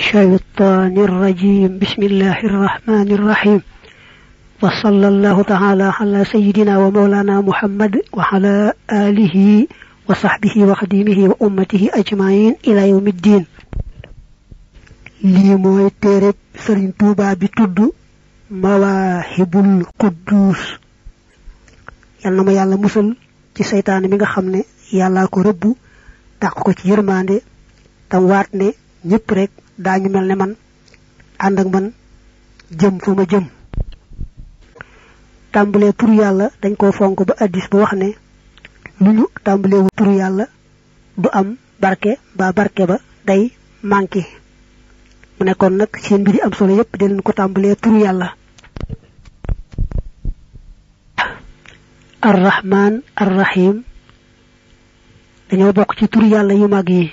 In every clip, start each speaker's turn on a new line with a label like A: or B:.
A: الشيطان الرجيم بسم الله الرحمن الرحيم وصلى الله تعالى على سيدنا ومولانا محمد وعلى آله وصحبه وخديمه وأمته أجمعين إلى يوم الدين لي موي تيرب سرين توبا بتد مواهب القدوس يلا ما يلا مسل ci سيطان mi nga يلا ne yàllaa ko rëbb dàq ko ci yërmaande dañu mel ne man and ak man jëm fu ma jëm tàmbalee turu yalla dañ ko fonk ba addis ba wax ne lu ñu wu turu yalla du am barke ba barke ba day manqué mu ne kon nag seen mbiri am solo yépp dañ ko yalla ar rahman ar rahim dañu bok ci turu yalla yu mag yi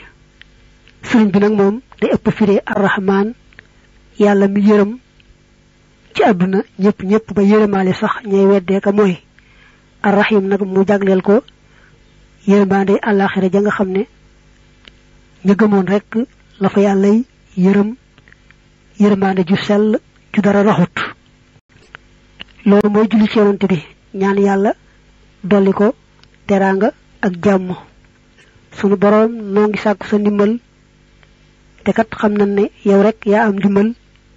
A: bilang bi nak mom day ëpp ar Rahman yàlla mi yërëm ci àdduna ñëpp ñëpp ba yërëmaale sax ñay weddee ka mooy arrahim nag mu jagleel ko yërëmaande àllaaxira ja nga xam ne ñu gëmoon rek la fa yàllay yërëm yërëmaande ju sell ju dara raxut loolu mooy julli ci yonante bi ñaan yàlla dolli ko ak jàmm sunu borom noo ngi sàkku sa ndimbal te kat xam nañ ne yow rek am ndimbal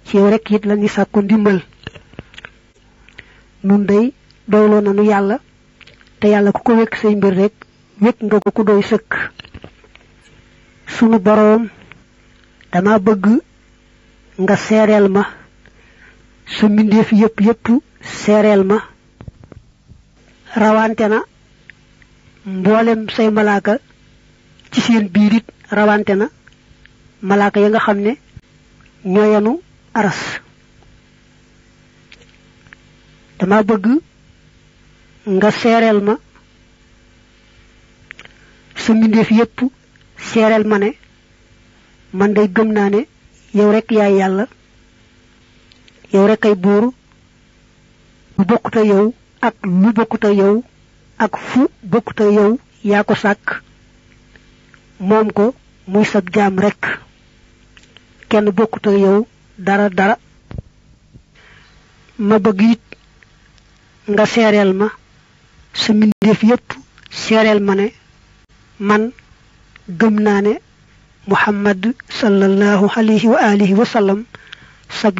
A: ci yow rek it la ñuy sàkku ndimbal nun day doyloo nanu yàlla te yàlla ku ko wékk say mbir rek wékk nga ko ku doy sëkk sunu boroom dama bëgg nga sereel ma su mbindeef yépp yépp seereel ma rawante na mboolem say malaaka ci seen biir it rawante na malaaka ya nga xam ne ñooyanu aras dama bëgg nga seereel ma sa mbindeef yépp seereel ma ne man day gëm naa ne yow rekk yaay yàlla yow rekk ay buur lu bokkuta yow ak lu bokkuta yow ak fu bokkuta yow yaa ko sàkk moom ko muy sab jaam rekk kenn bokkut ak yow dara dara ma bëgg it nga seereel ma sa mbindeef yépp seereel ma ne man gëm naa ne muhammad sallallahu alayhi wa alihi wa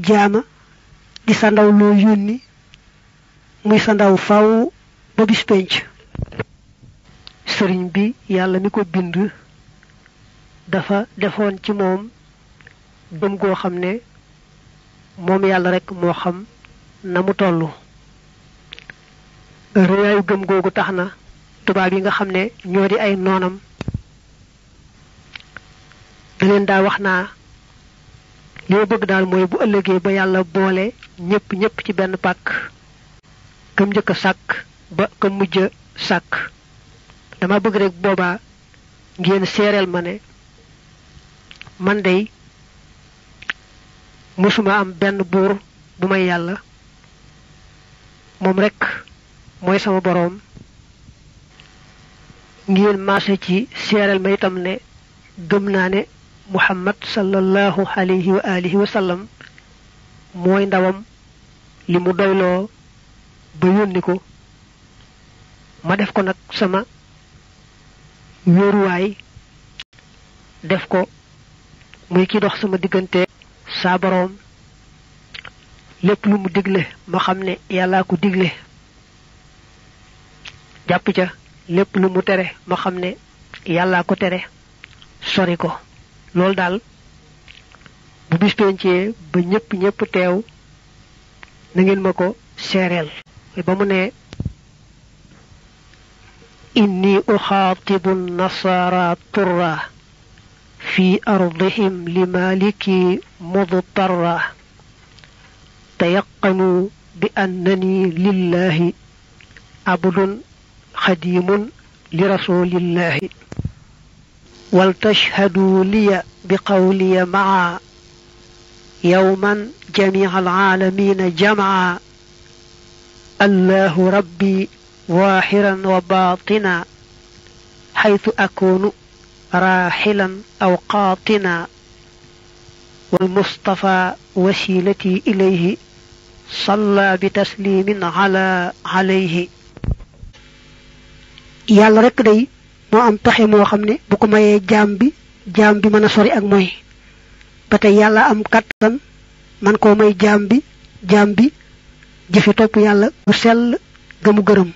A: jaama di sa ndaw loo yónni muy sa ndaw faw ba bis penc bi yàlla mi ko bind dafa defoon ci moom gëm goo xam ne moom yàlla rekk moo xam na mu toll réyaayu gëm googu tax na tubaab yi nga xam ne ñoo di ay noonam da leen daa wax naa li ma bëgg daal mooy bu ëllëgee ba yàlla boole ñépp ñépp ci benn pàkk kam njëkk a sàkk ba kam mujj a sàkk dama bëgg rek booba ngeen seereel ma ne man dey mësuma am benn buur bu may yàlla moom rekk mooy sama boroom ngeen maase ci seeral ma itam ne gëm naa ne muhammad sallallahu alayhi wa alihi wa sallam mooy ndawam limu mu doyloo ba yónni ko ma def ko nag sama wéeruwaay def ko muy ki dox sama diggante Sabarom, boroom lépp lu mu digle ma xamné yalla ko diglé japp ca lepp lu mu tere ma xamné yalla ko téré sori ko lol ini bu bis pencé ba ñepp ñepp téw na ngeen mako ba mu né inni nasara turra في أرضهم لمالك مضطرة تيقنوا بأنني لله عبد خديم لرسول الله ولتشهدوا لي بقولي معا يوما جميع العالمين جمعا الله ربي واحرا وباطنا حيث أكون راحلا أو قاطنا والمصطفى وسيلتي إليه صلى بتسليم على عليه يا رك داي مو ام تخي مو خامني بوكو ماي جامبي جامبي مانا سوري اك موي باتا يالا ام كاتام مان كو ماي جامبي جامبي جيفي توپ يالا وسل سيل گمو گرم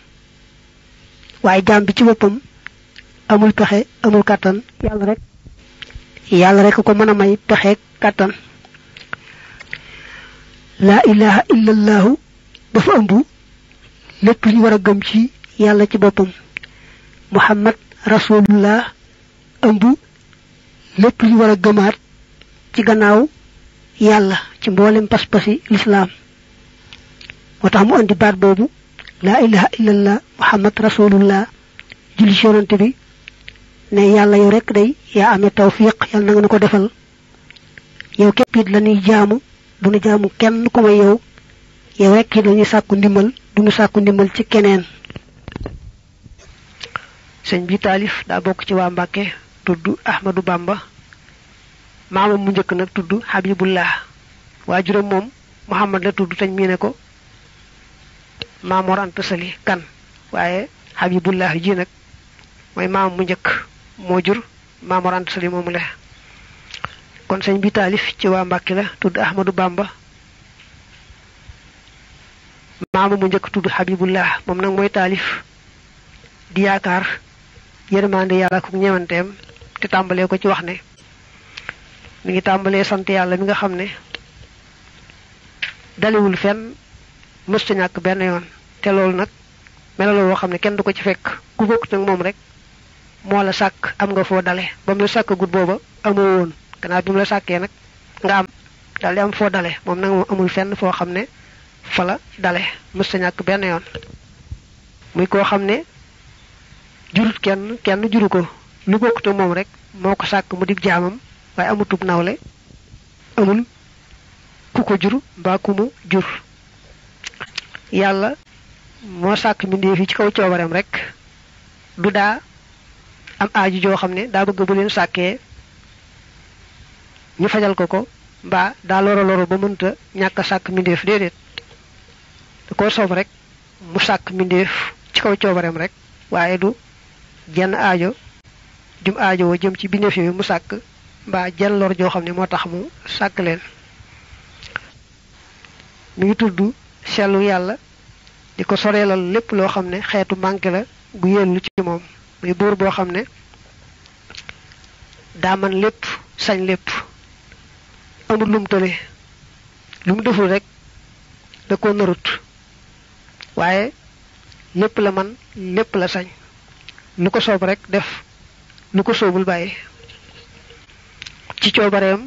A: جامبي تي amul pexe amul katan yalla rek yalla rek ko mëna may pexe katan la ilaha illa allah dafa ambu lepp ñu wara gëm ci yalla ci bopum muhammad rasulullah ambu lepp ñu wara gëmaat ci gannaaw yalla ci mbollem pass passi l'islam motax mu andi baat bobu la ilaha illa allah muhammad rasulullah julli ci yonante bi ne yalla yow rek day ya amé tawfiq yàlla na nga ko defal yow képp it la ñuy jaamu du ñu jaamu kenn ku may yow yow rek ki la ñuy ndimbal du ñu ndimbal ci keneen señ bi talif da bok ci wa tuddu ahmadu bamba maamam mu ñëk tudu tuddu habibullah wajuro mom muhammad la tuddu señ mi ne ko sali kan waye habibullah ji nak moy mam mu ñëk mo jur mamorant sali mom le kon señ bi talif ci wa mbakki la tuddu ahmadu bamba mamu mu ñëk habibullah mom nak moy talif di yaakar yermande yalla ku ñewantem te tambalé ko ci wax ne mi ngi tambalé sante yalla mi nga xamne dalewul fenn mësta ñak ben yoon te lool nak melalo wo xamne kenn du ko ci fekk ku bokk nak mom rek moo la sàkk am nga foo dale ba mu la sàkk gut booba amoon woon gannaaw bi mu la sàkkee nag nga am daldi am foo dale moom nag moom amul fenn foo xam fa la dale mësta ñàkk benn yoon muy koo xam ne jurut kenn kenn juru ko lu bokkute moom rek moo ko sàkk mu dig jaamam waaye amutub nawle amul ku ko juru mbaa ku mu jur yàlla moo sàkk mbindeef yi ci kaw coobareem rek du daa am aaju joo xam ne daa bëgg bu leen sàkkee ñu fajal ko ko ba daa loro loro ba mënta ñàkk sàkk mindeef déedéet da koo soob rek mu sàkk mindeef ci kaw coobareem rek waaye du jenn aajo jum aajo wo jëm ci bindeef yi mu sàkk ba jenn lor joo xam ne moo tax mu sàkk leen mi ngi tudd sellu yàlla di ko soreelal lépp loo xam ne xeetu manqué la gu ci moom muy buur boo xam ne daa man lépp sañ lépp amul lum tële lu deful rek da ko narut waaye lépp la man lépp la sañ lu ko soob rek def lu ko soobul bàyyi ci coobareem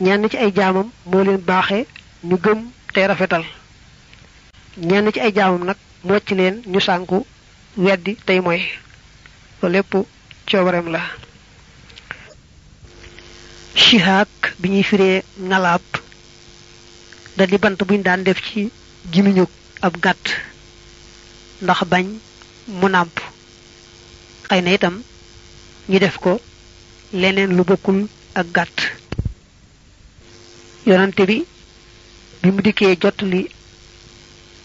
A: ñenn ci ay jaamam moo leen baaxee ñu gëm te rafetal ñenn ci ay jaamam nag mocc leen ñu sànku weddi tay moy loolu lépp coobareem la shihak bi firé firee da di bant buñ daan def ci gimiñu ab gatt ndax bañ mu namp xeyna itam ñu def ko leneen lu bokkul ak gatt yonante bi bi mu dikkee jot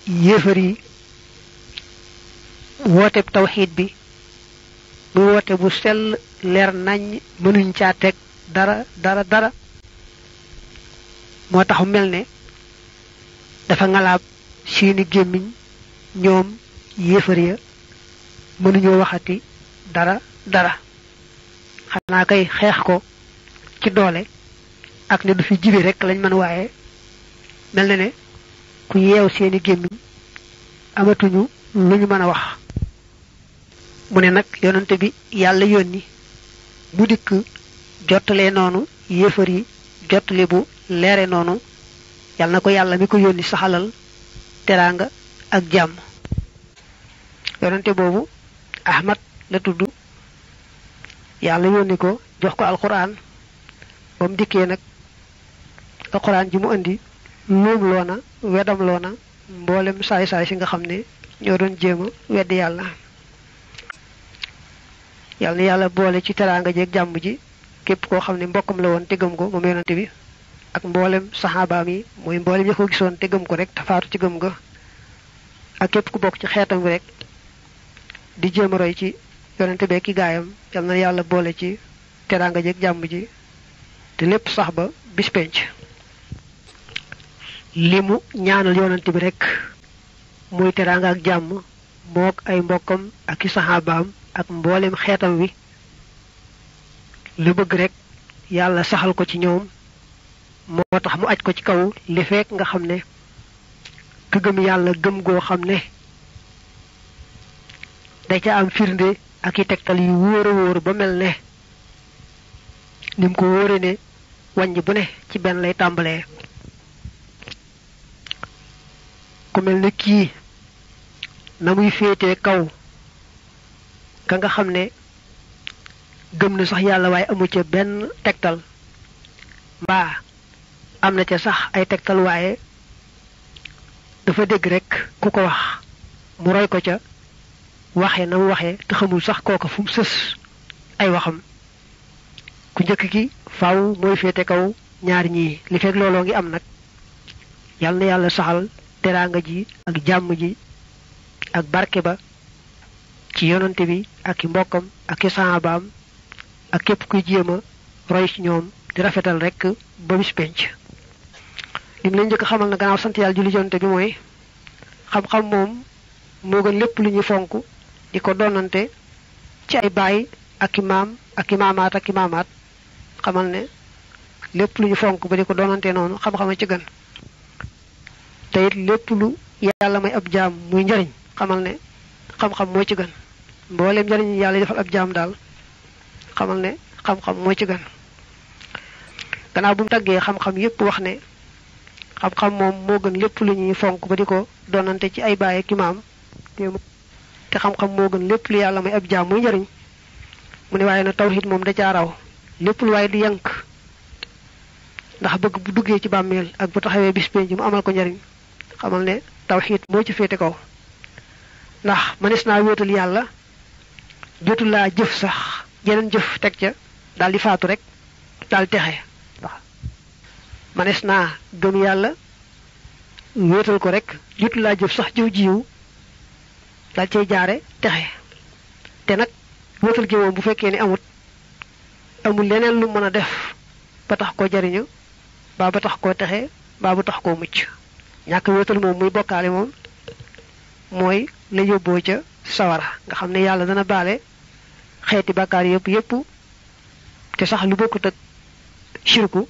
A: yéefar yi wooteb tawxiid bi muy woote bu sell leer naññ mënuñ caa teg dara dara dara moo tax mel ne dafa ngalaab seeni gémmiñ ñoom yéefar ya mënuñoo waxati dara dara xanaa kay xeex ko ci doole ak ne du fi jibi rekk lañ mën waaye mel na ne ku yeew seeni gémmiñ amatuñu lu ñu mën a wax mu ne nag yonent bi yàlla yónni mu dikk jottalee noonu yéefar yi jottali bu leere noonu yàlla na ko yàlla mi ko yónni saxalal teraanga ak jàmm yonente boobu ahmad la tudd yàlla yónni ko jox ko alxuraan ba mu dikkee nag alquran ji mu indi luum loona wedam loona mboolem saay saay si nga xam ne ñoo doon jéema weddi yàlla yalla yalla boole ci teranga jek ak jamm ji kep ko xamni ne la won te ko mo meenante bi ak mbollem sahaba mi moy mboolem ña gison ko rek tafaatu ci gem ga ak kep ku bok ci xetam rek di jëm roy ci yonante be ki gayam yal yalla boole ci teranga jek jàmm ji te lepp limu ñaanal yonante bi rek moy teranga ak jamm bok ay sahabam. ak sahabaam ak mboolem xeetam wi la bëgg rek yàlla saxal ko ci ñoom moo tax mu aj ko ci kaw li fekk nga xam ne ku gëm yàlla gëm goo xam ne da ca am firnde ak i tegtal yu wóor a wóor ba mel ne ni ko wóore ne bu ne ci benn lay tàmbalee ku mel ne kii na muy féetee kaw ka nga xam ne gëm na sax yàlla waaye amu ca benn tegtal mbaa am na ca sax ay tegtal waaye dafa dégg rek ku ko wax mu roy ko ca waxe na mu waxe te xamul sax kooka fu mu sës ay waxam ku njëkk ki faw mooy féete kaw ñaar ñii li fekk looloo ngi am nag yàlla na yàlla saxal teraanga ji ak jàmm ji ak barke ba ci yonante bi ak i mbokkam ak i sahabaam ak képp kuy jéem a roy ci ñoom di rafetal rek ba bis penc li mu leen njëkk xamal na gannaaw sant yàlla julli yonante bi mooy xam-xam moom moo gën lépp lu ñuy fonk di ko donante ci ay baay ak i maam ak i maamaat ak ne lépp lu ñu fonk ba di ko doonante noonu xam-xama ci gën te it lépp lu yàlla may ab jaam muy njariñ xamal ne xam-xam moo ci gën mboolem njariñ yàlla defal ab jaam daal xamal ne xam-xam moo ci gën gannaaw bu mu taggee xam-xam yépp wax ne xam-xam moom moo gën lépp lu ñuy fonk ba di ko donante ci ay baay ak te xam-xam moo gën lépp lu yàlla may ab jaam muy njariñ mu ne waaye na tawhid moom da caa raw lépp lu waaye di yank ndax bëgg bu duggee ci bàmmeel ak bu taxawee bis penc mu amal ko njariñ xamal ne tawhid moo ci féete kaw ndax mënees naa wéetal yàlla jotu laa jëf sax jeneen jëf teg ca daal di faatu rek daal texe waaw manees naa gëm yàlla wéetal ko rek jotu laa jëf sax jëw jiwu daal cay jaare texe te nag wéetal gi moom bu fekkee ni amut amul leneen lu mën a def ba tax koo jariñu baa ba tax koo texe baa ba tax koo mucc ñàkk wéetal moom muy bokkaale moom mooy la yóbboo ca sawara nga xam ne yàlla dana baale xeeti bàkkaar yëpp yëpp te sax lu bokkut ak shirku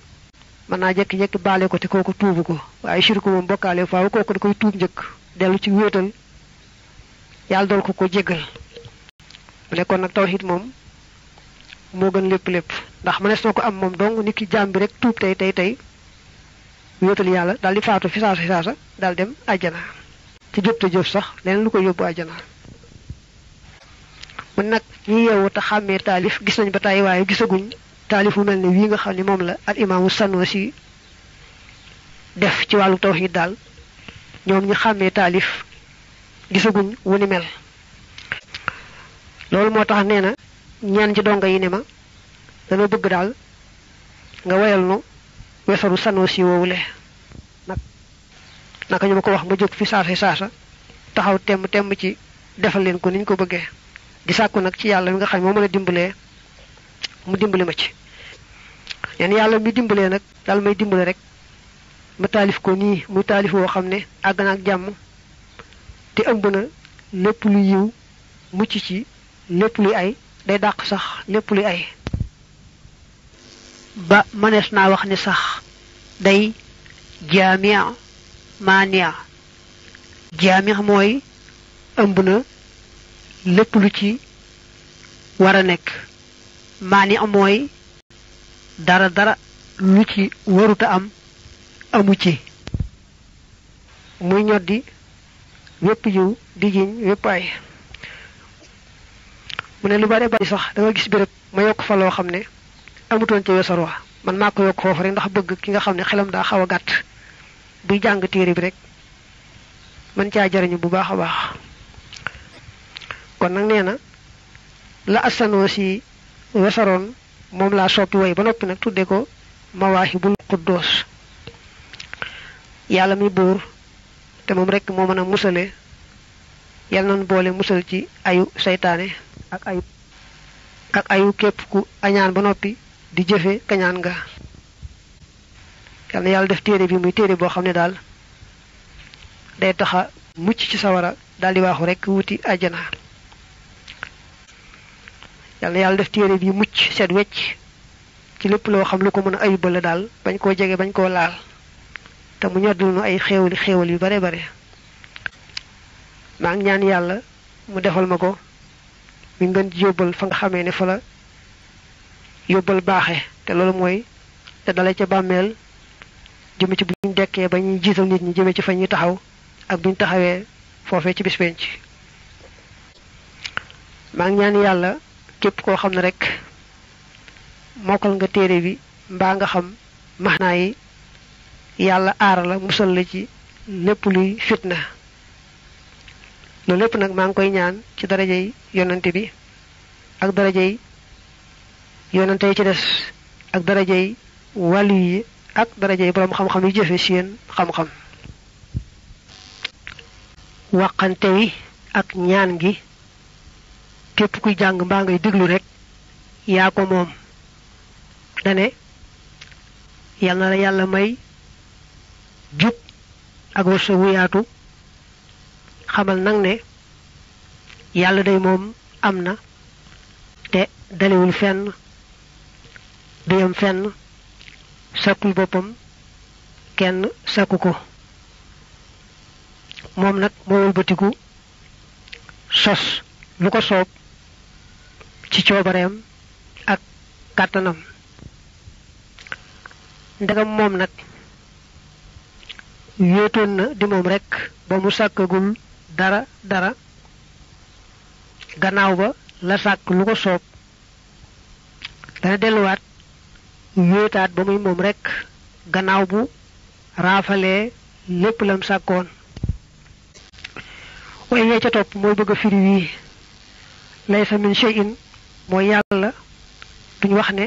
A: mën naa jekki-jekki baale ko te kooku tuubu ko waaye shirku moom bokkaale faaw kooku da koy tuub njëkk dellu ci wéetal yàlla dool ko ko jéggal mu nekkoon nag tawxiid moom moo gën lépp lépp ndax mënees na ko am moom dong nit ki rek tuub tey tey tey wéetal yàlla daal di faatu fi saasa fi daal dem àjjana ci jëf te jëf sax leneen lu ko yóbbu àjjana man nag ñi yeewu te xàmmee taalif gis nañ ba tàyyi waaye gisaguñ taalif bu mel ne wii nga xam ne moom la al imaamu Sanusi def ci wàllu tawxiid daal ñoom ñu xàmmee taalif gisaguñ wu ni mel loolu moo tax nee na ñaan ci dongo yi ne ma dama bëgg daal nga woyal nu wesaru Sanusi woowule nag naka ñu ma ko wax ma jóg fi saasa saasa taxaw temm temm ci defal leen ko niñ ko bëggee di nak nag ci yalla nga xam mo meuna dimbalé mu dimbalé ma ci yen yalla bi dimbalé nak dal may dimbalé rek ma talif ko ni mu talif wo xam ne ak te ëmb na lu yiw mucc ci lepp lu ay day dakk sax lepp lu ay ba manes na wax ni sax day jamia, mania jamia moy ëmb na lépp lu ci war a nekk maani am mooy dara dara lu ci waruta am amu ci muy ñoddi wépp yiw di jiñ wépp ay mu ne lu bare bari sax dama nga gis béréb ma yokk fa loo xam ne amutoon ca wesor wa man maa ko yokk foofu rek ndax bëgg ki nga xam ne xelam daa xaw a gàtt buy jàng téere bi rek man caa jariñu bu baax a baax kon nak neena la asanu si wasaron mom la soppi way ba noppi nak tudde ko mawahibul quddus yalla mi bur, te mom rek mo meuna musale yalla non boole musal ci ayu shaytané ak ayu ak ayu kep ku añaan ba noppi di jëfé kañaan nga kan yalla def téré bi muy téré bo xamné dal day taxa mucc ci sawara dal di waxu rek wuti aljana yal yàlla def téere bi mucc set wecc ci lépp loo xam lu ko mën a ayuba la daal bañ koo jegee bañ koo laal te mu ñoddal nu ay xéewali xéewal yu bare bare maa ngi ñaan yàlla mu defal ma ko mi ngeen yóbbal fa nga xamee ne fa la yóbbal baaxe te loolu mooy te dala ca bàmmeel jëme ci bu ñu dekkee ba ñuy jiital nit ñi jëme ci fa ñuy taxaw ak bu ñu taxawee foofee ci bis penc maa ngi ñaan yàlla képp koo xam ne rek mokkal nga téere bi mbaa nga xam maxnaa yi yàlla aar la musal la ci lépp luy fitna loolu lépp nag maa ngi koy ñaan ci darajey yonante bi ak darajey yonante yi ci des ak darajey wàllu yi ak darajey boroom xam-xam yi jëfe seen xam-xam waqante wi ak ñaan gi képp kuy jàng mbaa ngay déglu rek yaa ko moom dane yal na la yàlla may jub ak wërsëg wu yaatu xamal nag ne yàlla day moom am na te dalewul fenn du yem fenn sàkkul boppam kenn sàkku ko moom nag moo wëlbatiku sos lu ko soob ci coobareem ak kàttanam ndagam moom nag yéetoon na di moom rek ba mu sàkkagul dara dara gannaaw ba la sàkk lu ko soob dana delluwaat yéetaat ba muy moom rek gannaaw bu raafalee lépp lam sàkkoon way ca topp mooy bëgg firi wii laysa min shay'in mooy yàlla duñ wax ne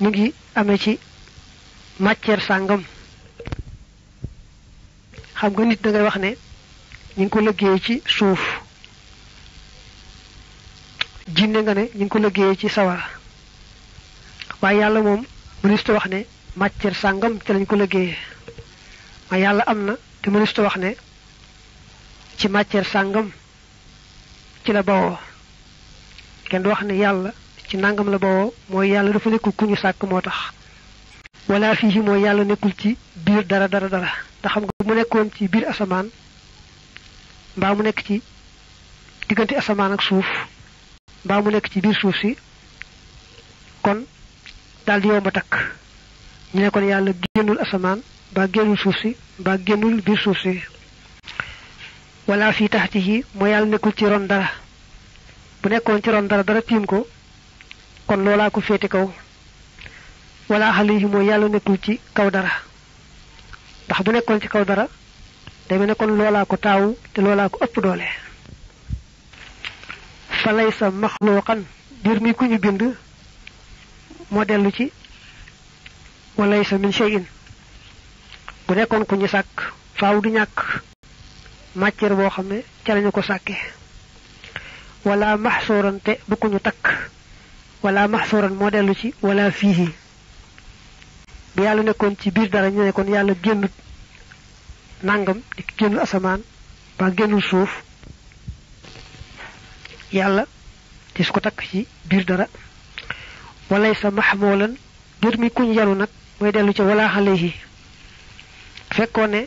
A: mu ngi amee ci matière sàngam xam nga nit dangay wax ne ñu ngi ko liggéeyee ci suuf jinne nga ne ñu ngi ko liggéeyee ci sawara waaye yàlla moom mënista wax ne matière sàngam te lañ ko liggéeyee waaye yàlla am na te mënista wax ne ci matière sàngam ci la bawoo kenn du wax ne yàlla ci nangam la bawoo mooy yàlla dafa nekkul ku ñu sàkk moo tax wala fihi mooy yàlla nekkul ci biir dara dara dara te xam nga mu nekkoon ci biir asamaan mbaa mu nekk ci diggante asamaan ak suuf mbaa mu nekk ci biir suuf si kon daal di yomb a takk ñu ne kon yàlla génnul asamaan ba génnul suuf si ba génnul biir suuf si wala fi taxtihi mooy yàlla nekkul ci ron dara bu nekkoon ci ron dara dara tiim ko kon loolaa ko féete kaw wala xalihi mooy yàlla nekkul ci kaw dara ndax bu nekkoon ci kaw dara day mel ne kon loolaa ko taawu te loolaa ko ëpp doole fa lay sa maxluuqan dir mi ku ñu bind moo dellu ci walay sa min shay'in bu nekkoon ku ñu sàkk faaw du ñàkk matière boo xam ne ca lañu ko sàkke wala maxsuuran te bu ko ñu takk wala maxsuuran moo dellu ci wala fiihi bu yàlla nekkoon ci biir dara ñu ne kon yàlla génnut nàngam di génnul asamaan ba génnul suuf yàlla di su ko takk ci biir dara walay sa maxmoolan biir mi kuñ yaru nag mooy dellu ci wala xalehi fekkoon ne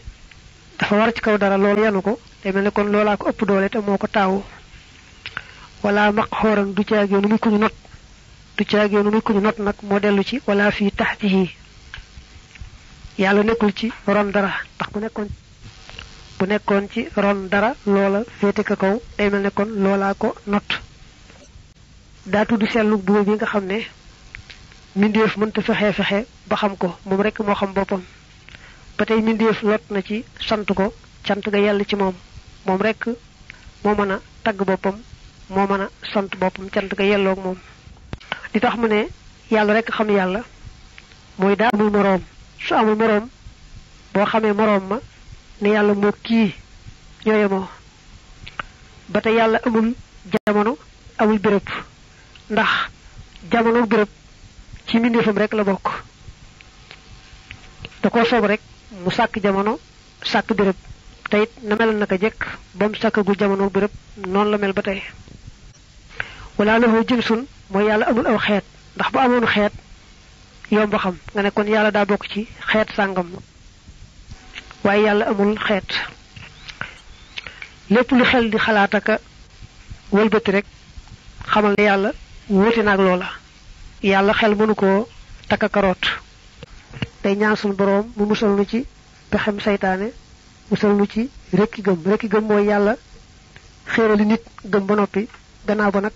A: dafa war ci kaw dara loolu yanu ko day mel ne kon loolaa ko ëpp doole te moo ko taawu wala maqxooran du caageenu muy ku ñu not du caageenu muy ku not nag moo dellu ci wala fii taxtihi yàlla nekkul ci ron dara ndax bu nekkoon bu nekkoon ci ron dara loola féete ka kaw day mel ne kon ko not daa tudd seetlu buba bi nga xam ne mindeef mënta fexe fexe ba xam ko moom rek moo xam boppam ba tey mindeef lot na ci sant ko cant ga yàlla ci moom moom rek moo mën a tagg boppam moo mën a sant boppam cant ko yelloog moom li tax mu ne yàlla rek xam yàlla mooy daa amul moroom su amul moroom boo xamee moroom ma ne yàlla moo kii ñooyemoo ba te yàlla amul jamono amul béréb ndax jamono béréb ci mbindeefam rek la bokk da koo soob rek mu sàkk jamono sàkk béréb te it na mel naka jekk ba mu sàkkagul jamono béréb noonu la mel ba tey wala lahu jinsun mooy yàlla amul aw xeet ndax bu amoon xeet yomb xam nga ne kon yàlla daa bokk ci xeet sàngam waaye yàlla amul xeet lépp lu xel di xalaat aka wëlbati rek xamal ne yàlla wuute naag loola yàlla xel mënu ko takka karoot tey ñaan suñu boroom mu musal nu ci pexem saytaane musal nu ci rekki gëm rekki gëm mooy yàlla xéerali nit gëm ba noppi gannaaw ba nag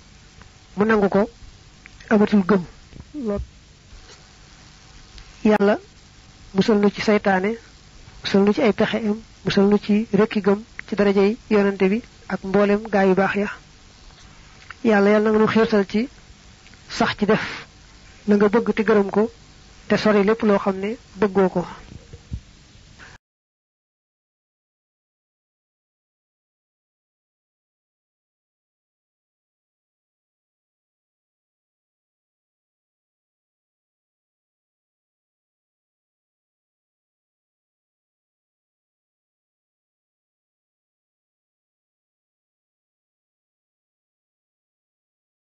A: mu nangu ko amatul gëm lool yàlla musal nu ci seytaane musal nu ci ay pexeem musal nu ci rekki gëm ci darajey yonante bi ak mboolem gaa yu baax ya yàlla yàlla na nga nu xiirtal ci sax ci def na nga bëgg te gërëm ko te sori lépp loo xam ne bëggoo ko